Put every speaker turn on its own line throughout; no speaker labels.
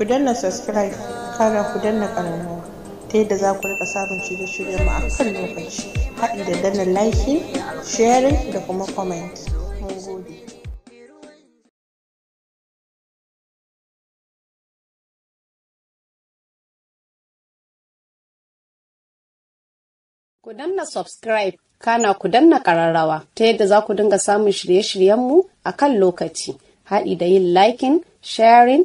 ku danna subscribe kara ku danna ƙararrawa ta yadda za ku rika samun shirye shiryen mu a kan lokaci haɗi da danna like sharing da kuma comment Ku danna subscribe kana ku danna kararrawa ta yadda za ku dinga samun shirye-shiryenmu a kan lokaci, haɗi da yin liking, sharing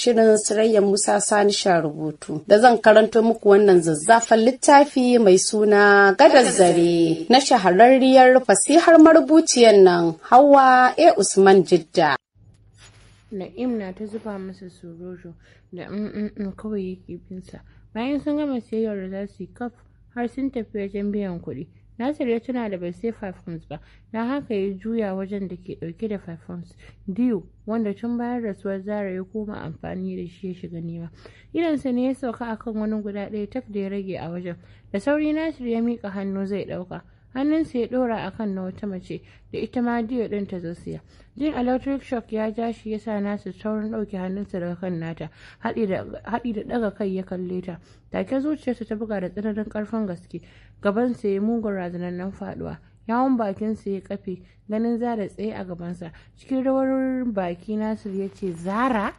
shirin Sirayya Musa Sani sha rubutu da zan karanto muku wannan zazzafan littafi mai suna Gadar Zare na shahararriyar fasihar marubuciyar nan Hawa A Usman Jidda. Na'im na ta zuba masa sororo da in mm, mm, mm kawai yake binsa. Bayan sun gama siyayyar da za su yi kaf har sun tafi wajen biyan kuɗi. Nasir ya tuna da bai sai five pounds ba, na haka ya juya wajen da ke ɗauke da five pounds. Diyu, wanda tun bayan rasuwar Zara ya koma amfani da shi ya shiga nema. Idansa ne ya sauka akan wani guda ɗaya tak da ya rage a wajen. Da sauri Nasir ya miƙa hannu zai ɗauka. hannunsa ya ɗora a kan na wata mace da ita ma diyo ɗin ta zo siya jin electric shock ya ja shi ya sa nasu saurin ɗauke hannunsa daga kan nata haɗi da ɗaga kai ya kalle ta take zuciyarsa ta buga da tsananin ƙarfin gaske gabansa ya mugun razanannen faɗuwa yawon bakinsa ya kafe ganin zara tsaye a gabansa cikin rawar baki nasu ya ce zara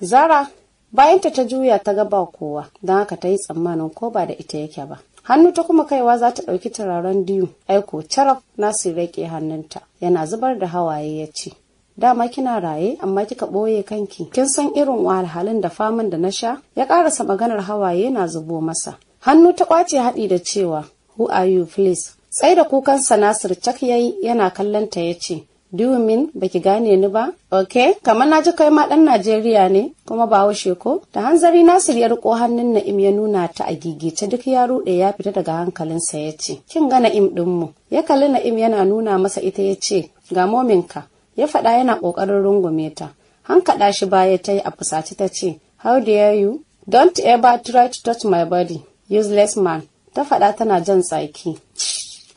zara bayanta ta juya ta ga ba kowa don haka ta yi tsammanin ko ba da ita yake ba hannu ta kuma kaiwa za ta ɗauki turaren diyu aiko caraf nasu rake hannunta yana zubar da hawaye ya ce dama kina raye amma kika ɓoye kanki kin san irin wahalhalun da faman da na sha ya ƙarasa maganar hawaye na zubo masa hannu ta ƙwace haɗi da cewa who are you please sai da kukansa nasir cak yayi yana kallon ta ya ce dumin ba ki gane ni ba? Ok, kamar na ji kai ma ɗan Najeriya ne, kuma ba haushe ko? Da hanzari Nasir ya riko hannun Na'im ya nuna ta a gigice duk ya ruɗe ya fita daga hankalinsa ya ce, Kin ga Na'im ɗinmu. Ya kalli Na'im yana nuna masa ita ya ce, Ga mominka. Ya faɗa yana ƙoƙarin rungume ta. Hankaɗa shi baya ta yi a fusace ta ce, How dare you? Don't ever try to touch my body, useless man. Ta faɗa tana jan tsaki.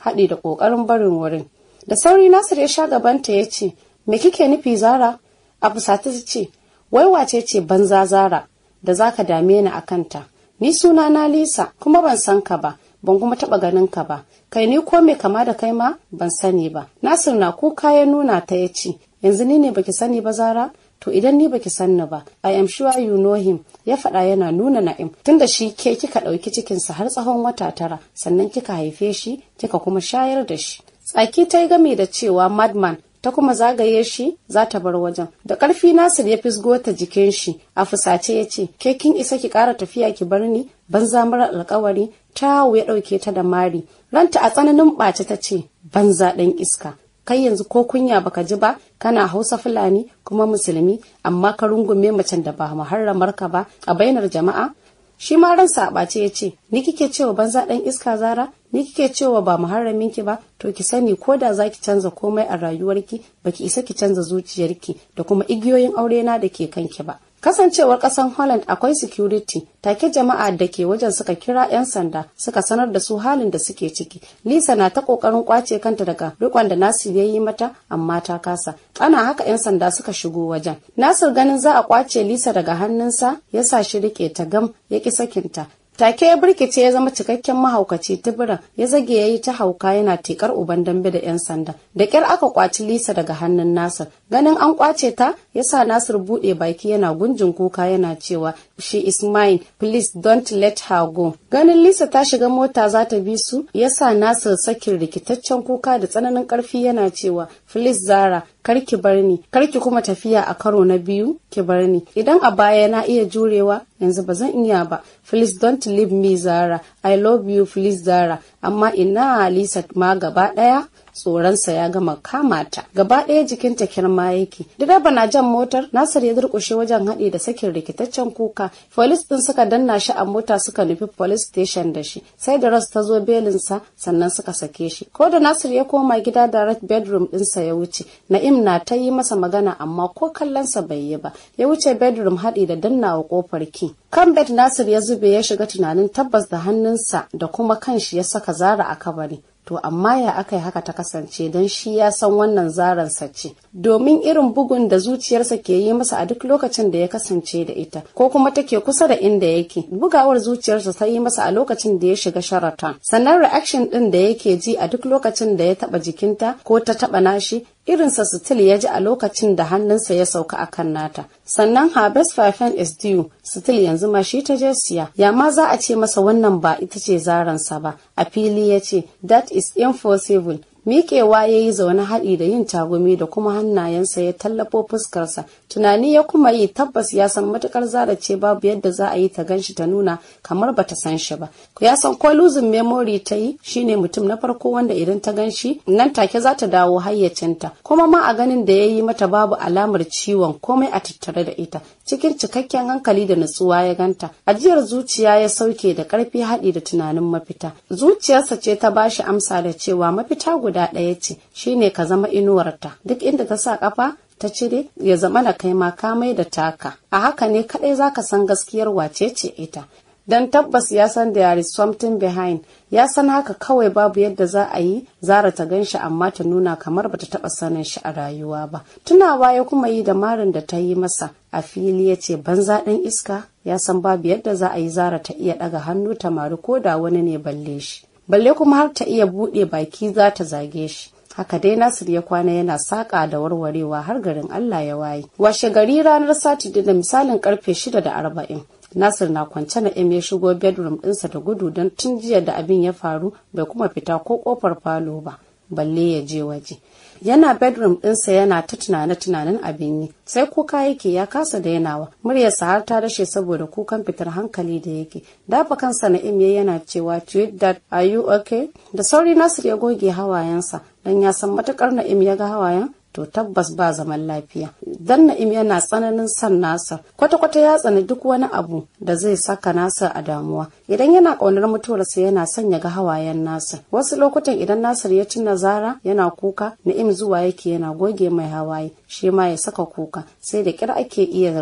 Haɗi da ƙoƙarin barin wurin. da sauri nasir ya sha gabanta ya ce me kike nufi zara a fusata ta ce wai wace ce banza zara da zaka dame ni a kanta ni suna na lisa kuma ban san ka ba ban kuma taba ganin ka ba kai ni ko me kama da kai ma ban sani ba nasir na kuka ya nuna ta ya ce yanzu ni ne baki sani ba zara to idan ni baki san ni ba i am sure you know him ya faɗa yana nuna na'im tunda shi ke kika ɗauki cikinsa har tsawon wata tara sannan kika haife shi kika kuma shayar da shi tsaki ta yi gami da cewa madman ta kuma zagaye shi za ta bar wajen da ƙarfi nasir ya fisgo ta jikin shi a fusace ya ce ke kin isa ki ƙara tafiya ki bar ni banza mara alkawari tawo ya ɗauke ta da mari ranta a tsananin ɓace ta ce banza ɗan iska kai yanzu ko kunya baka ji ba kana hausa fulani kuma musulmi amma ka rungume macen da ba muharramar ka ba a bainar jama'a shi ma ran a ɓace ya ce ni kike cewa banza ɗan iska zara ni kike cewa ba muharramin ki ba to ki sani ko da za ki canza komai a rayuwarki baki isa ki canza zuciyarki da kuma igiyoyin aure na da ke kanki ba kasancewar kasan holland akwai security take jama'a da ke wajen suka kira 'yan sanda suka sanar da su halin da suke ciki lisa na ta kokarin kwace kanta daga rikon da nasir ya yi mata amma ta kasa ana haka 'yan sanda suka shigo wajen nasir ganin za a kwace lisa daga hannunsa ya sa shi rike ta gam ya ki sakinta take ya birkice ya zama cikakken mahaukaci tuburan ya zage ya yi ta hauka yana tekar uban dambe da yan sanda da kyar aka kwaci lisa daga hannun nasir ganin an kwace ta ya sa nasir bude baki yana gunjin kuka yana cewa she is mine please don't let her go ganin lisa ta shiga mota za ta bi su ya sa nasir sakin rikitaccen kuka da tsananin ƙarfi yana cewa Filis Zara, kar ki bar ni, kar ki kuma tafiya a karo na biyu, ki bar ni. Idan a baya na iya jurewa, yanzu ba zan iya ba. Filis don't leave me Zara, I love you Filis Zara, amma ina Lisa ma gaba ɗaya. tsoronsa ya gama kama ta gaba ɗaya jikinta kirma yake direba na jan motar nasir ya durƙushe wajen haɗi da sakin rikitaccen kuka polis ɗin suka danna shi a mota suka nufi police station da shi sai da ras ta zo belinsa sannan suka sake shi ko da nasir ya koma gida direct bedroom ɗinsa ya wuce na'im na ta yi masa magana amma ko kallonsa bai yi ba ya wuce bedroom haɗi da dannawa kofar ki kan bed nasir ya zube ya shiga tunanin tabbas da hannunsa da kuma kanshi ya saka zara a kabari to amma ya aka yi haka ta kasance don shi ya san wannan zaransa ce domin irin bugun da zuciyarsa ke yi masa a duk lokacin da ya kasance da ita ko kuma take kusa da inda yake bugawar zuciyarsa ta yi masa a lokacin da ya shiga sharata sannan reaction ɗin da yake ji a duk lokacin da ya taba jikinta ko ta taba nashi irinsa sitil ya ji a lokacin da hannunsa ya sauka a kan nata sannan best fafen is due sitil yanzu ma shi ta je siya ya ma za a ce masa wannan ba ita ce zaransa ba a fili ya ce that is impossible miƙewa ya yi zaune haɗi da yin tagumi da kuma hannayensa ya tallafo fuskarsa tunani ya kuma yi tabbas ya san matukar zarace babu yadda za a yi ta ganshi ta nuna kamar ba ta san shi ba ya san ko luzin memory ta yi shine mutum na farko wanda idan ta ganshi nan take za ta dawo hayyacinta kuma ma a ganin da ya yi mata babu alamar ciwon komai a tattare da ita cikin cikakken hankali da nutsuwa ya ganta ajiyar zuciya ya sauke da ƙarfi haɗi da tunanin mafita zuciyarsa ce ta bashi amsa da cewa mafita guda guda ɗaya ce shine ka zama inuwarta duk inda ta sa kafa ta cire ya zama na kai ma ka mai da taka a haka ne kaɗai za ka san gaskiyar wace ce ita don tabbas ya san da is something behind ya san haka kawai babu yadda za a yi zara ta gan shi amma ta nuna kamar bata taɓa sanin shi a rayuwa ba tunawa ya kuma yi da marin da ta yi masa a fili ya ce banza ɗin iska ya san babu yadda za a yi zara ta iya ɗaga hannu ta mari ko da wani ne balle shi balle kuma har ta iya buɗe baki za ta zage shi haka dai nasir ya kwana yana saƙa da warwarewa har garin allah ya waye washe gari ranar sati da misalin karfe shida da arba'in nasir na kwance na ya shigo bedroom ɗinsa da gudu don tun jiya da abin ya faru bai kuma fita ko ƙofar falo ba balle ya je waje yana bedroom ɗinsa yana ta tunane tunanin abin yi sai kuka yake ya kasa dainawa muryarsa har ta rashe saboda kukan fitar hankali da yake dafa kansa na'im ya yana cewa tweet that are you okay da sauri nasir ya goge hawayensa dan ya san matakar na'im ya ga hawayen to tabbas ba zaman lafiya dan na'im yana tsananin son nasa kwata-kwata ya tsani duk wani abu da zai saka nasa a damuwa idan yana ƙaunar mutuwarsa yana son ya ga hawayen nasa wasu lokutan idan nasar ya ci nazara yana kuka na'im zuwa yake yana goge mai hawaye shi ma ya saka kuka sai da kira ake iya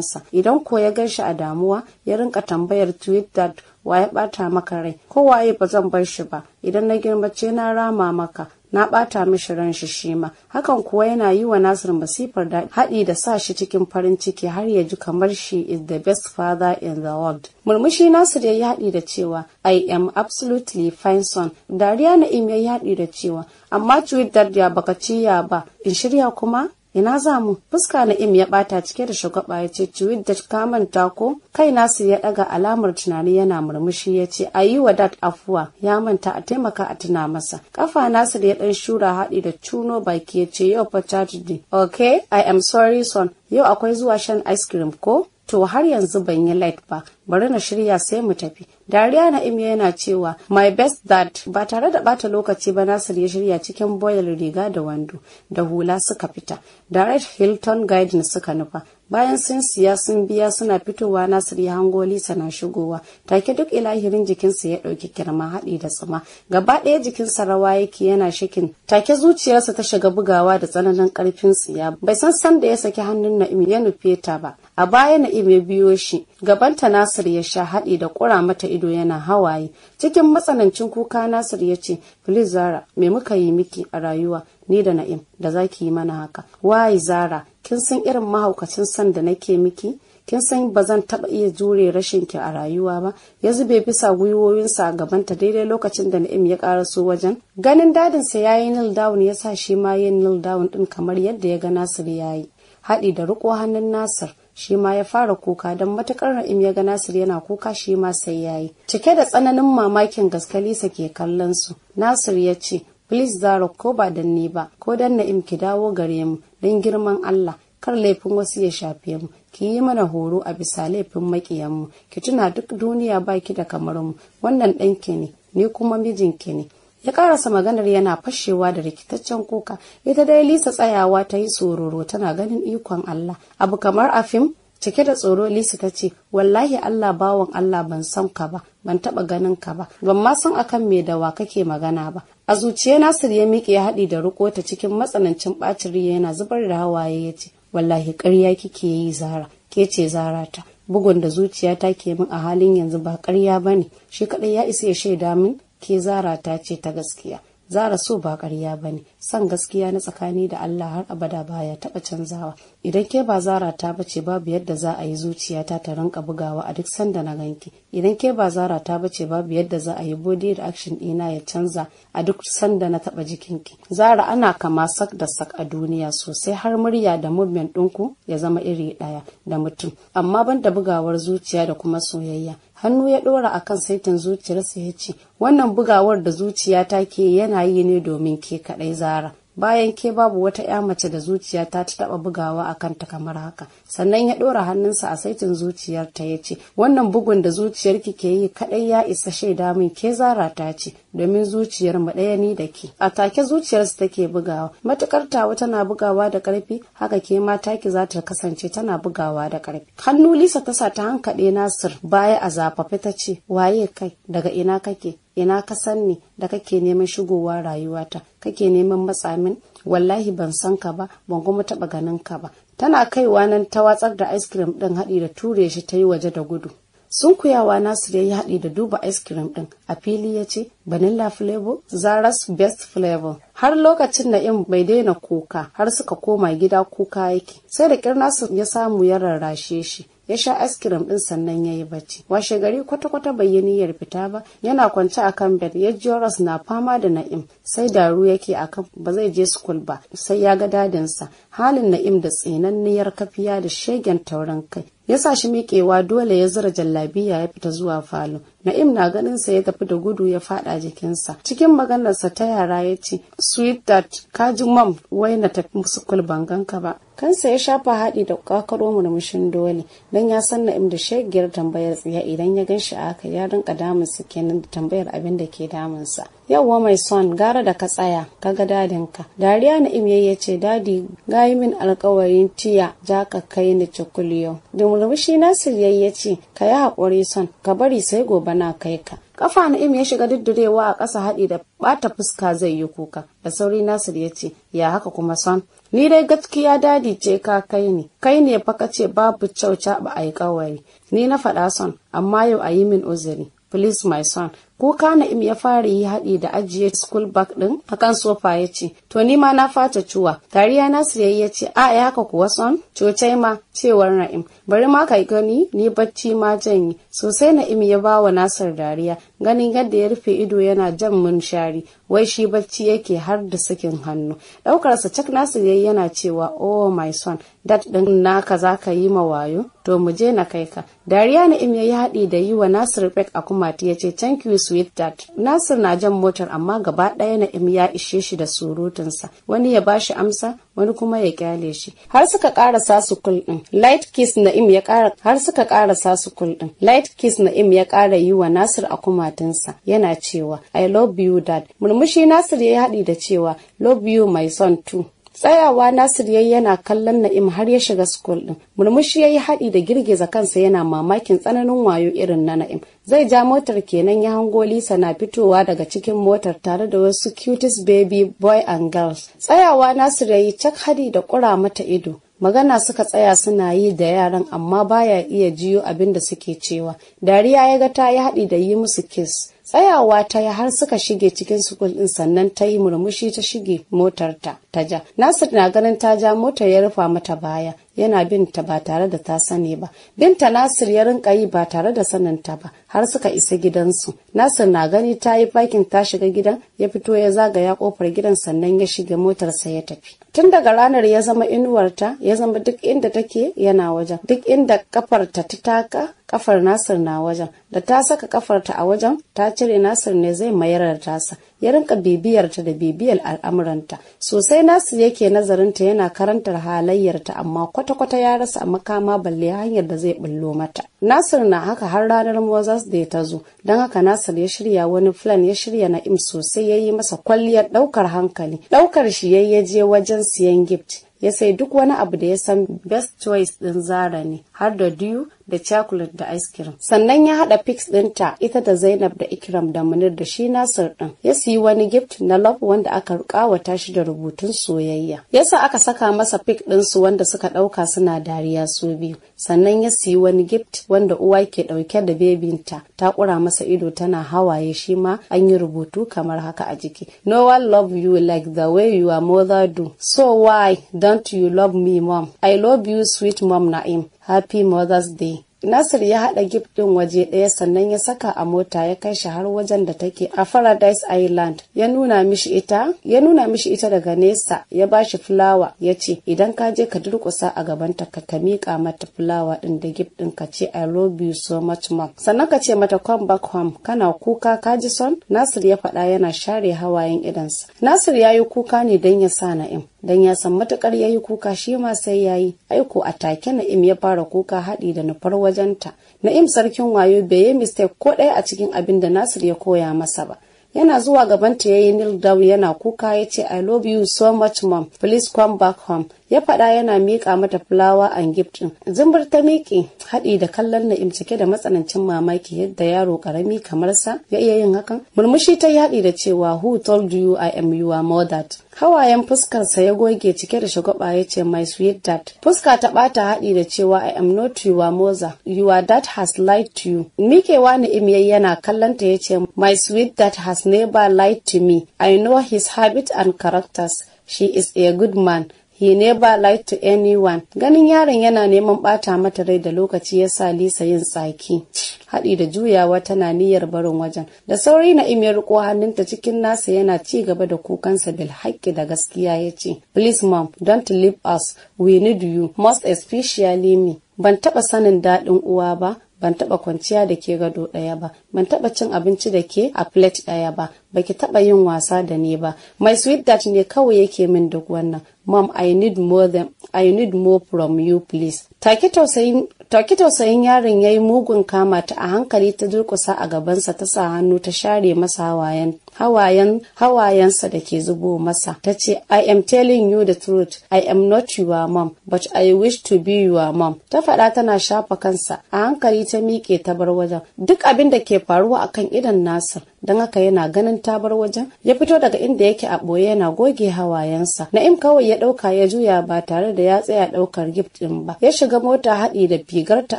sa idan ko ya gan shi a damuwa ya rinka tambayar twitter wa ya bata maka rai kowaye ba zan bar shi ba idan na girmace na rama maka na ɓata mishi ran shi shi ma hakan kuwa yana yi wa Nasir masifar daɗi haɗi da sa shi cikin farin ciki har ya ji kamar shi is the best father in the world murmushi Nasir ya haɗi da cewa I am absolutely fine son dariya im ya haɗi da cewa amma cutar ya baka ciya ba in shirya kuma ina za mu fuska na im ya bata cike da shagwaba ya ce ciwid da ka manta ko kai nasu ya daga alamar tunani yana murmushi ya ce a yi wa dat afuwa ya manta a taimaka a tuna masa kafa nasu da ya dan shura haɗi da cuno baki ya ce yau fa saturday Ok, i am sorry son yau akwai zuwa shan ice cream ko to har yanzu ban yi light ba bari na shirya sai mu tafi dariya na imi yana cewa my best dad ba tare da bata lokaci ba nasir ya shirya cikin boyar riga da wando da hula suka fita direct hilton garden suka nufa bayan sun siya sun biya suna fitowa nasir ya hango lisa na shigowa take duk ilahirin jikinsa ya ɗauki kirma haɗi da tsima gaba ɗaya jikinsa rawa yake yana shakin take zuciyarsa ta shiga bugawa da tsananin ƙarfin siya bai san san da ya saki hannun na'im ya nufe ta ba a baya na'im ya biyo shi gabanta nasir ya sha haɗi da kura mata ido yana hawaye cikin matsanancin kuka nasir ya ce please zara me muka yi miki a rayuwa ni da na'im da zaki yi mana haka wai zara kin san irin mahaukacin son da nake miki kin san ba zan taba iya jure rashin ki a rayuwa ba ya zube bisa gwiwoyinsa a gabanta daidai lokacin da na'im ya karaso wajen ganin dadinsa ya yi nil down ya sa shi ma yin nil down din kamar yadda ya ga nasir ya yi haɗi da riko hannun nasir shi ma ya fara kuka don matukar na'im ya ga nasir yana kuka shi ma sai ya yi cike da tsananin mamakin gaskalisa ke kallon su nasir ya ce Please Zarok ko ba dan ni ba, ko dan Na'im ki dawo gare mu don girman Allah, kar laifin wasu ya shafe mu, ki yi mana horo a bisa laifin makiyan mu ki tuna duk duniya baki da kamar mu, wannan ki ne, ni kuma mijinki ne. ya karasa maganar yana fashewa da rikitaccen kuka ita dai lisa tsayawa ta yi tsororo tana ganin ikon allah abu kamar a fim cike da tsoro lisa ta ce wallahi allah bawan allah ban san ka ba ban taba ganin ka ba ban ma san akan me da wa kake magana ba a zuciya nasir ya miƙe ya haɗi da riko ta cikin matsanancin ɓacin riya yana zubar da hawaye ya ce wallahi ƙarya kike yi zara ke ce zara ta bugun da zuciyata ke min a halin yanzu ba ƙarya ba ne shi kaɗai ya isa ya shaida min ke zara ta ce ta gaskiya zara so ba karya ba ne son gaskiya na tsakani da allah har abada baya taɓa canzawa idan ke ba zara ta bace babu yadda za a yi zuciyata ta rinka bugawa a duk sanda na ganki idan ke ba zara ta bace babu yadda za a yi body reaction ɗina ya canza a duk sanda na taɓa jikinki zara ana kama sak da sak a duniya sosai har murya da movement ɗinku ya zama iri ɗaya da mutum amma ban da bugawar zuciya da kuma soyayya hannu ya ɗora a kan saitin zuciyarsa ya ce wannan bugawar da zuciyata ke yana yi ne domin ke kaɗai zara bayan ke babu wata ya mace da zuciya ta ta taba bugawa a kanta kamar haka sannan ya ɗora hannunsa a saitin zuciyarta ya ce wannan bugun da zuciyarki ke yi kaɗai ya isa shaida min ke zara ta ce domin zuciyar mu ɗaya ni da ke a take zuciyarsa take bugawa matukar tawa tana bugawa da karfi haka ke ma taki za ta kasance tana bugawa da karfi hannu lisa ta sa ta hankaɗe nasir baya a zafafe ta ce waye kai daga ina kake ina ka san ni da kake neman shigowa rayuwata kake neman matsamin? wallahi ban san ka ba ban kuma taba ganin ka ba tana kaiwa nan ta watsar da ice cream din haɗi da ture shi ta yi waje da gudu sun kuyawa nasu ya yi haɗi da duba ice cream din a fili ya ce vanilla flavor zara's best flavor har lokacin na in bai daina kuka har suka koma gida kuka yake sai da kirnasu ya samu ya rarrashe shi ya sha askirim din sannan ya yi bacci washe gari kwata-kwata bai ya niyyar fita ba yana kwance a kan bed ya ji ras na fama da na'im sai daru yake akan ba zai je school ba sai ya ga dadinsa halin na'im da tsinanniyar kafiya da shegen taurin kai ya sa shi miƙewa dole ya zira jallabiya ya fita zuwa falo Na'im na ganin sa ya tafi da gudu ya fada jikinsa. Cikin maganarsa ta yara ya ce, "Sweet dat ka ji mom wai na tafi muskul ban ganka ba." Kansa ya shafa haɗi da kakaro murmushin dole don ya san na'im da shegiyar tambayar tsiya idan ya gan shi aka ya rinka damun su kenan da tambayar abin da ke damunsa. yauwa mai son gara da ka tsaya ka ga dadinka dariya na imye ya ce dadi gayi min alkawarin tiya za ka kai ni cukuliyo da murmushi nasir ya yi ce ka yi haƙuri son ka bari sai gobe na kai ka Ƙafa na im ya shiga duddurewa a ƙasa haɗi da ɓata fuska zai yi kuka da sauri nasir ya ce ya haka kuma son ni dai gaskiya dadi ce ka kai ni kai ne fa ka ce babu kyauta ba a yi ni na faɗa son amma yau a yi min uzuri please my son kuka na'im ya fara yi haɗi da ajiye school bag ɗin akan sofa ya ce to ni ma na fata cuwa tariya nasu yayi ya ce a ya haka kuwa son cocai ma cewar na'im bari ma ka gani ni bacci ma yi, sosai na'im ya bawa nasar dariya ganin yadda ya rufe ido yana jan munshari wai shi bacci yake har da sakin hannu ɗaukarsa cak nasu yayi yana cewa oh my son dat ɗin naka za ka yi mawayo to mu je na kai ka dariya na im ya haɗi da yi wa nasir bek a kumati ya ce thank you sweet dad nasir na jan motar amma gaba ɗaya na im ya ishe shi da surutunsa wani ya bashi amsa wani kuma ya kyale shi har suka ƙarasa su kul ɗin light kiss na im ya ƙara har suka ƙarasa su kul ɗin light kiss na im ya ƙara yi wa nasir a kumatinsa yana cewa i love you dad murmushi nasir ya haɗi da cewa love you my son too tsayawa nasir yayi yana kallon na'im har ya shiga school din murmushi yayi haɗi da girgiza kansa yana mamakin tsananin wayo irin na na'im zai ja motar kenan ya hango lisa na fitowa daga cikin motar tare da wasu cutest baby boy and girls tsayawa nasir yayi cak hadi da ƙura mata ido magana suka tsaya suna yi da yaran amma baya iya jiyo abin da suke cewa dariya ya ga ta yi haɗi da yi musu kiss tsayawa ta ya har suka shige cikin sukul din sannan ta yi murmushi ta shige motarta ta ta ja nasir na ganin ta ja motar ya rufa mata baya yana binta ba tare da ta sani ba binta nasir ya rinka yi ba tare da saninta ba har suka isa gidansu nasir na gani ta yi fakin ta shiga gidan ya fito ya zagaya kofar gidan sannan ya shiga motarsa ya tafi tun daga ranar ya zama inuwarta ya zama duk inda take yana wajen duk inda kafarta ta taka kafar nasir na wajen da ta saka kafarta a wajen ta cire nasir ne zai mayar da tasa ya rinka bibiyarta da bibiyar al'amuranta sosai nasu yake nazarinta yana karantar halayyarta amma kwata-kwata ya rasa a makama balle hanyar da zai bullo mata nasir na haka har ranar mozas da ta zo don haka nasir ya shirya wani plan ya shirya na'im sosai ya yi masa kwalliyar ɗaukar hankali ɗaukar shi ya je wajen siyan gift ya sai duk wani abu da ya san best choice ɗin zara ne har da diyu da chocolate da ice cream sannan ya hada fix dinta ita da zainab da ikram da munir da shi nasir din ya siyi wani gift na love wanda aka kawata shi da rubutun soyayya yasa aka saka masa din su wanda suka ɗauka suna dariya su biyu sannan ya siyi wani gift wanda uwa ke ɗauke da bebinta ta kura masa ido tana hawaye shi ma an yi rubutu kamar haka a jiki no one love you like the way your mother do so why don't you love me mom i love you sweet mom na'im Happy Mother's Day. Nasir ya haɗa gif ɗin waje ɗaya sannan ya saka a mota ya kai shi har wajen da take a Paradise Island. Ya nuna mishi ita, ya nuna mishi ita daga nesa, ya ba shi fulawa, ya ce idan ka je ka durƙusa a gabanta ka ka miƙa mata fulawa ɗin da gif ɗin ka ce I love you so much mom. Sannan ka ce mata come back home kana kuka ka ji son? Nasir ya faɗa yana share hawayen idansa. Nasir ya yi kuka ne don ya sa na'im. Dan ya san matukar ya yi kuka shi ma sai ya yi. Aiko a take na'im ya fara kuka haɗi da nufar waje. wajenta na'im sarkin wayo bai yi mistake ko ɗaya a cikin abin da nasir ya koya masa ba yana zuwa gabanta ya yi nil down yana kuka ya ce i love you so much mom please come back home ya faɗa yana miƙa mata fulawa and gift ɗin zumbur ta miƙe haɗi da kallon na'im cike da matsanancin mamaki yadda yaro ƙarami kamar sa ya iya yin hakan murmushi ta yi haɗi da cewa who told you i am your mother hawayen fuskarsa ya goge cike da shagwaba ya ce my sweet dad fuska ta ɓata haɗi da cewa i am not your mother your dad has lied to you miƙewa na'im yayi yana kallonta ya ce my sweet dad has has never lied to me. I know his habit and characters. She is a good man. He never lied to anyone. Ganin yaron yana neman bata mata rai da lokaci ya sa Lisa yin tsaki. Haɗi da juyawa tana niyyar barin wajen. Da sauri na ya riko hannunta cikin nasa yana ci gaba da kukansa bil haƙƙi da gaskiya ya ce, Please mom, don't leave us. We need you, most especially me. Ban taɓa sanin daɗin uwa ba, ban taba kwanciya da ke gado ɗaya ba ban taba cin abinci da ke a plate ɗaya ba baki taba yin wasa da ni ba my sweet that ne kawai yake min duk wannan mom i need more than i need more from you please take tausayin Taki tausayin yaron ya mugun kama ta a hankali ta durkusa a gabansa ta sa hannu ta share masa hawayen hawayen hawayensa da ke zubo masa ta ce i am telling you the truth i am not your mom but i wish to be your mom ta faɗa tana shafa kansa a hankali ta miƙe ta bar wajen duk abin da ke faruwa akan idan nasa. don haka yana ganin tabar wajen ya fito daga inda yake a ɓoye yana goge hawayensa na'im kawai ya ɗauka ya juya ba tare da ya tsaya ɗaukar gift ɗin ba ya shiga mota haɗi da figarta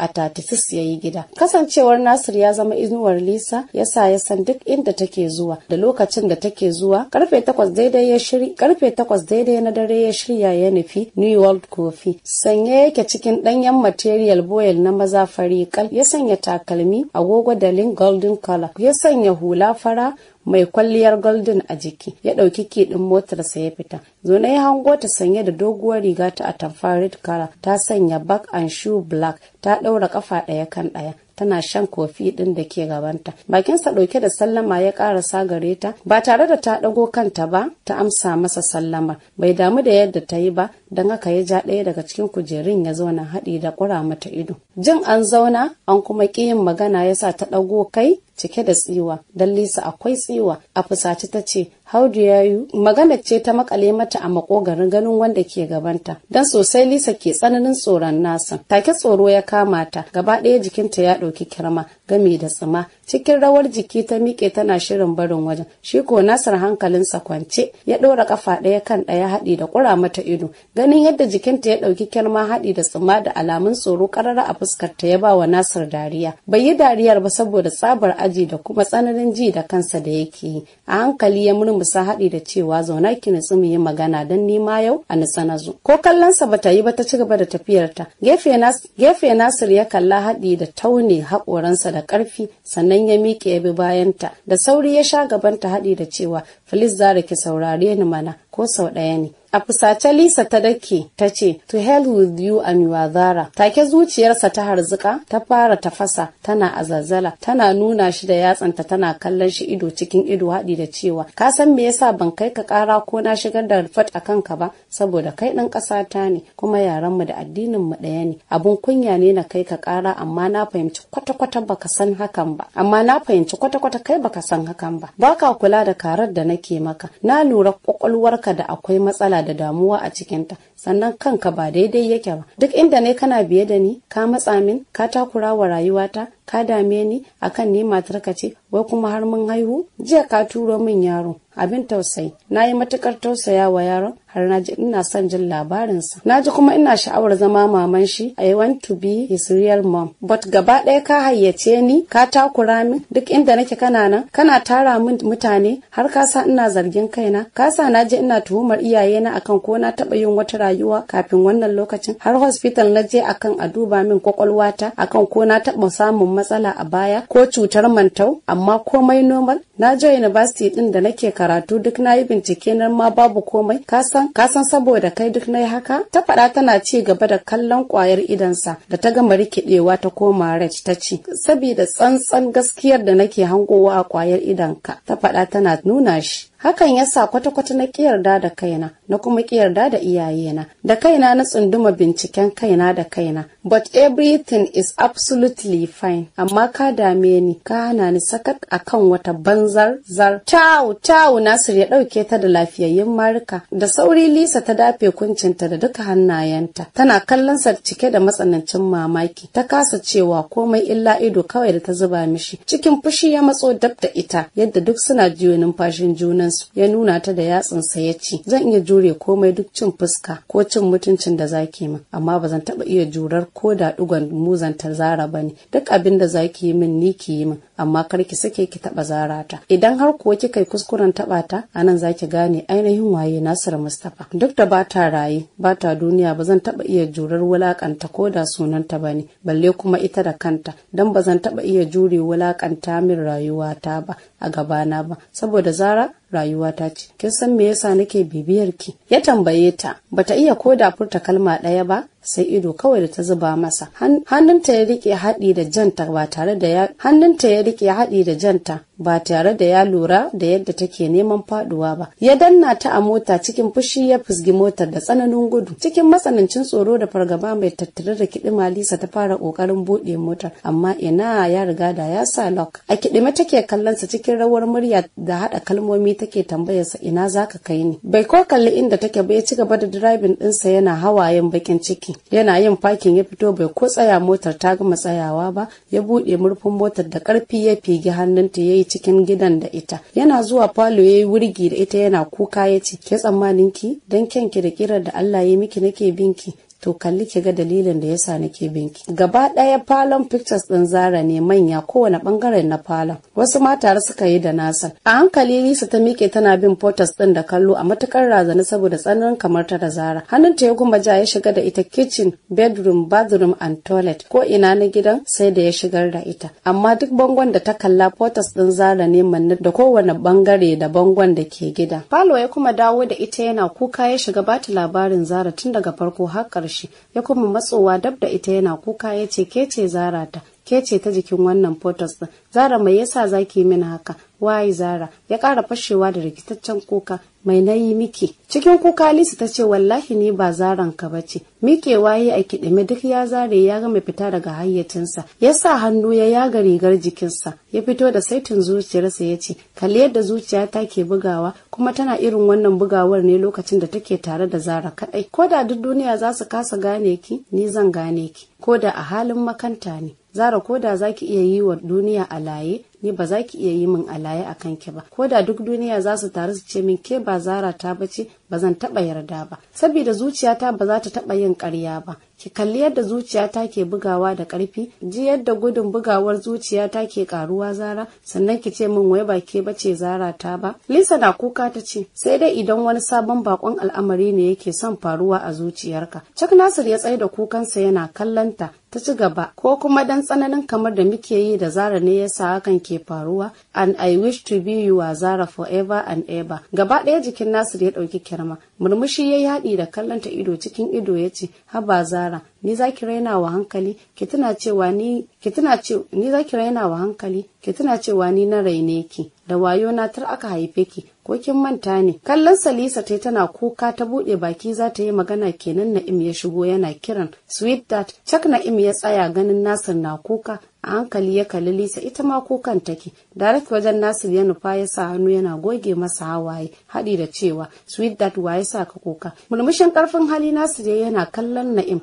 a tatisis ya yi gida kasancewar nasir ya zama inuwar lisa ya sa ya san duk inda take zuwa da lokacin da take zuwa karfe takwas daidai ya shiri karfe takwas daidai na dare ya shirya ya nufi new world coffee sanya yake cikin ɗanyen material boyel na maza fari kal ya sanya takalmi agogo da lin golden color ya sanya hula fara mai kwalliyar golden a jiki ya ɗauki keɗin motarsa ya fita zone ya hango ta sanye da doguwar riga ta atamfa red kara ta sanya back and shoe black ta ɗaura ƙafa ɗaya kan ɗaya tana shan kofi ɗin da ke gabanta bakinsa ɗauke da sallama ya ƙarasa gare ta ba tare da ta ɗago kanta ba ta amsa masa sallama bai damu da yadda ta yi ba don haka ya ja ɗaya daga cikin kujerun ya zauna haɗi da ƙura mata ido jin an zauna an kuma ƙi yin magana ya sa ta ɗago kai cike da tsiwa don lisa akwai tsiwa a fusace ta ce Haudu ya you magana ce ta makale mata a makogarin ganin wanda ke gabanta. Don sosai Lisa ke tsananin tsoron nasa. Take tsoro ya kama ta, gaba ɗaya jikinta ya ɗauki kirma gami da tsima. Cikin rawar jiki ta miƙe tana shirin barin wajen. Shi ko Nasar hankalinsa kwance, ya ɗora ƙafa ɗaya kan ɗaya haɗi da ƙura mata ido. Ganin yadda jikinta ya ɗauki kirma haɗi da tsima da alamun tsoro ƙarara a fuskarta ya ba wa Nasar dariya. Bai yi dariyar ba saboda tsabar aji da kuma tsananin ji da kansa da yake yi. A hankali ya murmusa amsa haɗi da cewa zauna ki nutsu mu yi magana don nima yau a nutsa na zo ko kallonsa bata yi ba ta ci gaba da tafiyarta gefe nasir ya kalla haɗi da taune haƙoransa da ƙarfi sannan ya miƙe ya bi bayanta da sauri ya sha gabanta haɗi da cewa filis zara ki saurare ni mana ko sau ɗaya ne a fusace lisa ta dake ta ce to hell with you and your zara take zuciyarsa ta harzuka ta fara tafasa tana a zazzala tana nuna shi da yatsanta tana kallon shi ido cikin ido haɗi da cewa ka san me yasa ban kai ka ƙara ko na shigar da rufat a kanka ba saboda kai ɗan ƙasa ta ne kuma yarenmu da addinin mu ɗaya ne abun kunya ne na kai ka ƙara amma na fahimci kwata-kwata baka san hakan ba amma na fahimci kwata-kwata kai baka san hakan ba baka kula da karar da nake maka na lura kwakwalwarka da akwai matsala da damuwa a cikinta sannan kanka ba daidai yake ba duk inda ne kana biye da ni ka matsa min ka takura wa rayuwata ka dame ni akan ni matarka ce wai kuma har mun haihu jiya ka turo min yaro abin tausayi na yi matukar tausaya wa yaron har na ji ina son jin labarinsa. Na ji kuma ina sha'awar zama maman shi I want to be his real mom. But gaba ɗaya ka hayyace ni ka takura min duk inda nake kana nan kana tara min mutane har ka sa ina zargin kaina ka sa na ji ina tuhumar iyaye na akan ko na taɓa yin wata rayuwa kafin wannan lokacin har hospital na je akan a duba min kwakwalwata akan ko na taɓa samun matsala a baya ko cutar mantau amma komai normal na je university din da nake karatu duk na yi bincike nan ma babu komai kasan kasan saboda kai duk na yi haka ta faɗa tana ci gaba da kallon ƙwayar idansa da ta gama rikidewa ta koma rage ta ce saboda tsantsan gaskiyar da nake hangowa a ƙwayar idanka ta faɗa tana nuna shi hakan ya sa kwata-kwata na yarda da kaina na kuma yarda da iyayena da kaina na tsunduma binciken kaina da kaina but everything is absolutely fine amma ka dame ni ka hana ni sakat akan wata banzar zar tau tau nasir ya ɗauke ta da lafiyayyun marika da sauri lisa ta dafe kuncinta da duka hannayenta tana kallon sa cike da matsanancin mamaki ta kasa cewa komai illa ido kawai da ta zuba mishi cikin fushi ya matso dab da ita yadda duk suna jiyo numfashin junan su ya nuna ta da sa ya ce zan iya jure komai duk cin fuska ko cin mutuncin da zaki min amma ba zan taba iya jurar ko da dugon muzanta zara bane duk abin da zaki yi min ni ki yi min amma kar ki sake ki taba zara ta idan har kuwa kika yi kuskuren taba ta anan zaki gane ainihin waye Nasir Mustapha duk da ba ta raye ba ta duniya ba zan taba iya jurar wulakanta ko da sunanta bane balle kuma ita da kanta dan ba zan taba iya jure wulakanta min rayuwata ba a gabana ba saboda zara rayuwa ta ce kin san me yasa nake bibiyar ki ya tambaye ta bata iya koda furta kalma ɗaya ba sai ido kawai da ta zuba masa hannunta ya rike haɗi da janta ba tare da ya hannunta ya rike haɗi da janta ba tare da ya lura da yadda take neman faduwa ba ya danna ta a mota cikin fushi ya fusgi motar da tsananin gudu cikin matsanancin tsoro da fargaba mai tattare da kidima lisa ta fara kokarin buɗe motar amma ina ya riga da ya sa lock a kidime take kallon sa cikin rawar murya da hada kalmomi take tambayar sa ina zaka kai ni bai ko kalli inda take ba ya ci gaba da driving ɗinsa yana hawayen bakin ciki yana yin fakin ya fito bai ko tsaya motar ta gama tsayawa ba ya buɗe murfin motar da karfi ya fige hannunta ya yi cikin gidan da ita yana zuwa falo ya yi wurgi da ita yana kuka ya ce ke tsammanin ki don kyanki da ƙirar da Allah ya miki nake binki to kalli ki ga dalilin da yasa nake binki gaba ɗaya falon pictures ɗin zara ne manya kowane ɓangaren na falon wasu mata tare suka yi da nasa a hankali lisa ta mike tana bin photos ɗin da kallo a matukar razana saboda tsananin kamar ta da zara Hannun ta ya kuma ja ya shiga da ita kitchen bedroom bathroom and toilet ko ina na gidan sai da ya shigar da ita amma duk bangon da ta kalla photos ɗin zara ne manna da kowane bangare da bangon da ke gida falo ya kuma dawo da ita yana kuka ya shiga bata labarin zara tun daga farko har ƙarshe shi ya kuma matsowa dab da ita yana kuka ya ce ke ce zarata ke ce ta jikin wannan photos din zara mai yasa zaki min haka wai zara ya kara fashewa da rikitaccen kuka mai nayi miki cikin kuka lisa ta ce wallahi ni ba zaran ka bace mike waye a kidime duk ya zare ya ga mai fita daga hayyacinsa ya sa hannu ya yaga rigar jikinsa ya fito da saitin zuciyarsa ya ce kalli yadda zuciya ta ke bugawa kuma tana irin wannan bugawar ne lokacin da take tare da zara kaɗai. ko da duk duniya za su kasa gane ki ni zan gane ki ko da a halin makanta ne zara ko da za ki iya yi wa duniya alaye ni ba za ki iya yi min alaye a kanki ba ko da duk duniya za su taru su ce min ke ba zara ta bace ba zan taɓa yarda ba saboda zuciyata ba za ta taba yin ƙarya ba ki kalli yadda zuciyata ke bugawa da ƙarfi ji yadda gudun bugawar zuciyata ke ƙaruwa, zara sannan ki ce min wai ba ke bace zara ta ba lisa na kuka ta ce sai dai idan wani sabon bakon al'amari ne yake son faruwa a zuciyarka cak nasir ya tsaye da kukansa yana kallanta ta ci gaba ko kuma dan tsananin kamar da muke yi da zara ne yasa hakan ke faruwa and i wish to be you a zara forever and ever gaba ɗaya jikin nasir ya ɗauki kirma murmushi ya yi haɗi da kallanta ido cikin ido ya ce haba zara ni za ki raina wa hankali ki tuna cewa ni ki tuna ce ni za raina wa hankali ki tuna cewa ni na raine ki da wayo na tar aka haife ki ko kin manta ne kallon salisa tai tana kuka ta bude baki za ta yi magana kenan na'im ya shigo yana kiran sweet that chak na'im ya tsaya ganin nasir na kuka a hankali ya kalli lisa ita ma kukan take direct wajen nasir ya nufa ya sa hannu yana goge masa hawaye haɗi da cewa sweet that waye sa ka kuka murmushin ƙarfin hali nasir ya yana kallon na'im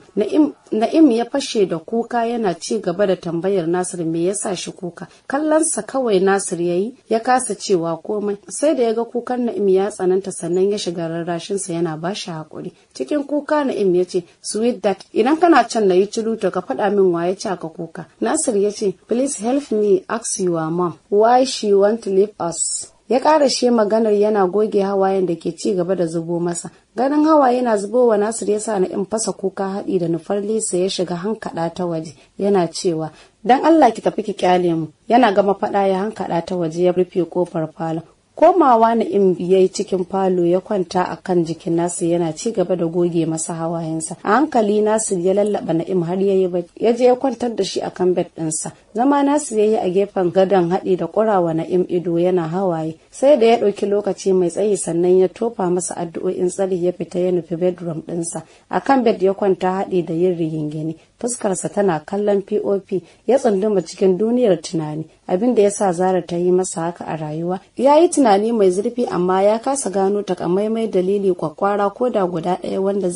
na'im ya fashe da kuka yana ci gaba da tambayar nasir me yasa shi kuka kallon sa kawai nasir yayi ya kasa cewa komai sai da ya ga kukan na'im ya tsananta sannan ya shiga sa yana ba shi haƙuri cikin kuka na'im ya ce sweet that idan kana can na yi ciluto ka faɗa min waye ci ka kuka nasir ya ya ce please help me ask your mom why she want to leave us ya maganar yana goge hawayen da ke ci gaba da zubo masa ganin hawa yana zubowa nasir ya sa na in fasa kuka haɗi da nufar lisa ya shiga hankaɗa ta waje yana cewa dan allah ki tafi ki kyale mu yana gama faɗa ya hankaɗa ta waje ya rufe kofar falon komawa na yayi cikin falo ya kwanta a kan jikin nasir yana ci gaba da goge masa hawayensa a hankali nasir ya lallaba na'im har yayi bacci ya je ya kwantar da shi a kan bed ɗinsa zama nasir yi a gefen gadon haɗi da ƙurawa na'im ido yana hawaye sai da ya ɗauki lokaci mai tsayi sannan ya tofa masa addu'o'in tsari ya fita ya nufi bedroom ɗinsa a kan bed ya kwanta haɗi da yin rigingine fuskarsa tana kallon pop ya tsunduma cikin duniyar tunani abin da ya sa zara ta yi masa haka a rayuwa ya yi tunani mai zurfi amma ya kasa gano takamaimai dalili kwakwara ko da guda ɗaya wanda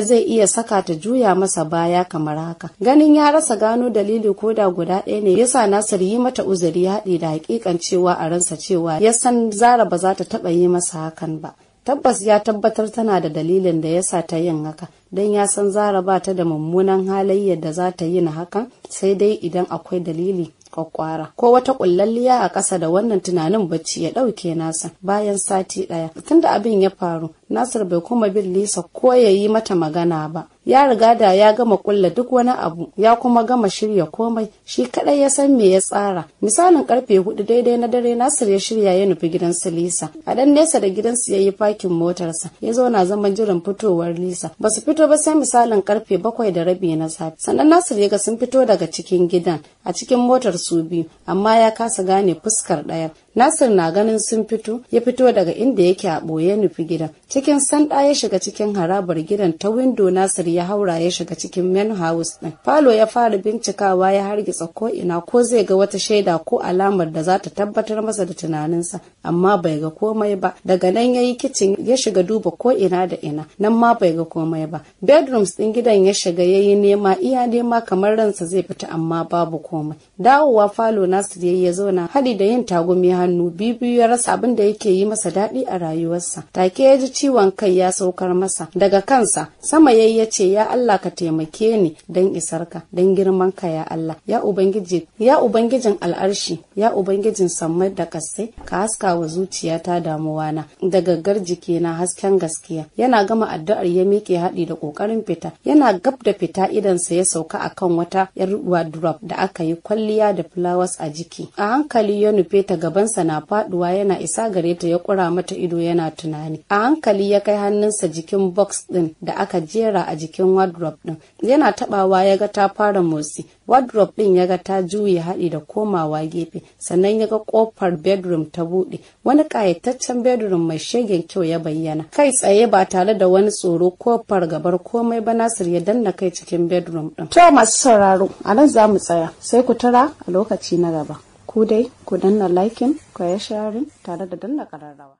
zai iya saka ta juya masa baya kamar haka ganin ya rasa gano dalili ko da guda ɗaya ne yasa nasir yi mata uzuri haɗi da hakikan cewa a ransa cewa ya san zara ba za ta taɓa yi masa hakan ba tabbas ya tabbatar tana da dalilin da ya sa ta yin haka don ya san zara ba ta da mummunan halayya da za ta yi na hakan sai dai idan akwai dalili kwakwara ko wata kullalliya a ƙasa da wannan tunanin bacci ya ɗauke nasa bayan sati ɗaya tunda abin ya faru Nasir bai kuma bin Lisa ko ya yi mata magana ba. Ya riga da ya gama kulla duk wani abu, ya kuma gama shirya komai, shi kadai ya san me ya tsara. Misalin karfe hudu daidai na dare Nasir ya shirya ya nufi gidansu Lisa. A dan nesa da gidansu ya yi fakin motarsa, ya zo na zama jiran fitowar Lisa. Ba su fito ba sai misalin karfe bakwai da rabi na safe. Sannan Nasir ya ga sun fito daga cikin gidan, a cikin motar su biyu, amma ya kasa gane fuskar ɗaya. nasir na ganin sun fito ya fito daga inda yake a ɓoye nufi gidan cikin sanda ya shiga cikin harabar gidan ta windo nasir ya haura ya shiga cikin men house din falo ya fara bincikawa ya hargitsa ko ina ko zai ga wata shaida ko alamar da za ta tabbatar masa da tunaninsa amma bai ga komai ba daga nan ya yi kicin ya shiga duba ko ina da ina nan ma bai ga komai ba bedrooms din gidan ya shiga ya yi nema iya nema kamar ransa zai fita amma babu komai dawowa falo nasir ya yi ya zauna hadi da yin tagumi har hannu biyu ya rasa abin da yake yi masa daɗi a rayuwarsa take ya ji ciwon kai ya saukar masa daga kansa sama yayi ya ce ya Allah ka taimake ni dan isar ka. dan girman ka ya Allah ya ubangiji ya ubangijin al'arshi ya ubangijin sammai da kasai ka haska wa zuciyata damuwana da gaggar jikina hasken gaskiya yana gama addu'ar ya miƙe haɗi da ƙoƙarin fita yana gab da fita idansa ya sauka akan wata yar wardrobe da aka yi kwalliya da flowers a jiki a hankali ya nufe ta gabansa hannunsa na faduwa yana isa gare ta ya kura mata ido yana tunani a hankali ya kai hannunsa jikin box din da aka jera a jikin wardrobe din yana tabawa ya ga ta fara motsi wardrobe din ya ga ta juye haɗi da komawa gefe sannan ya ga kofar bedroom ta buɗe wani kayataccen bedroom mai shegen kyau ya bayyana kai tsaye ba tare da wani tsoro ko gabar komai ba nasir ya danna kai cikin bedroom din to masu sauraro a nan za mu tsaya sai ku tara a lokaci na gaba ku dai ku danna liking ku ya sharing tare da danna ƙararrawa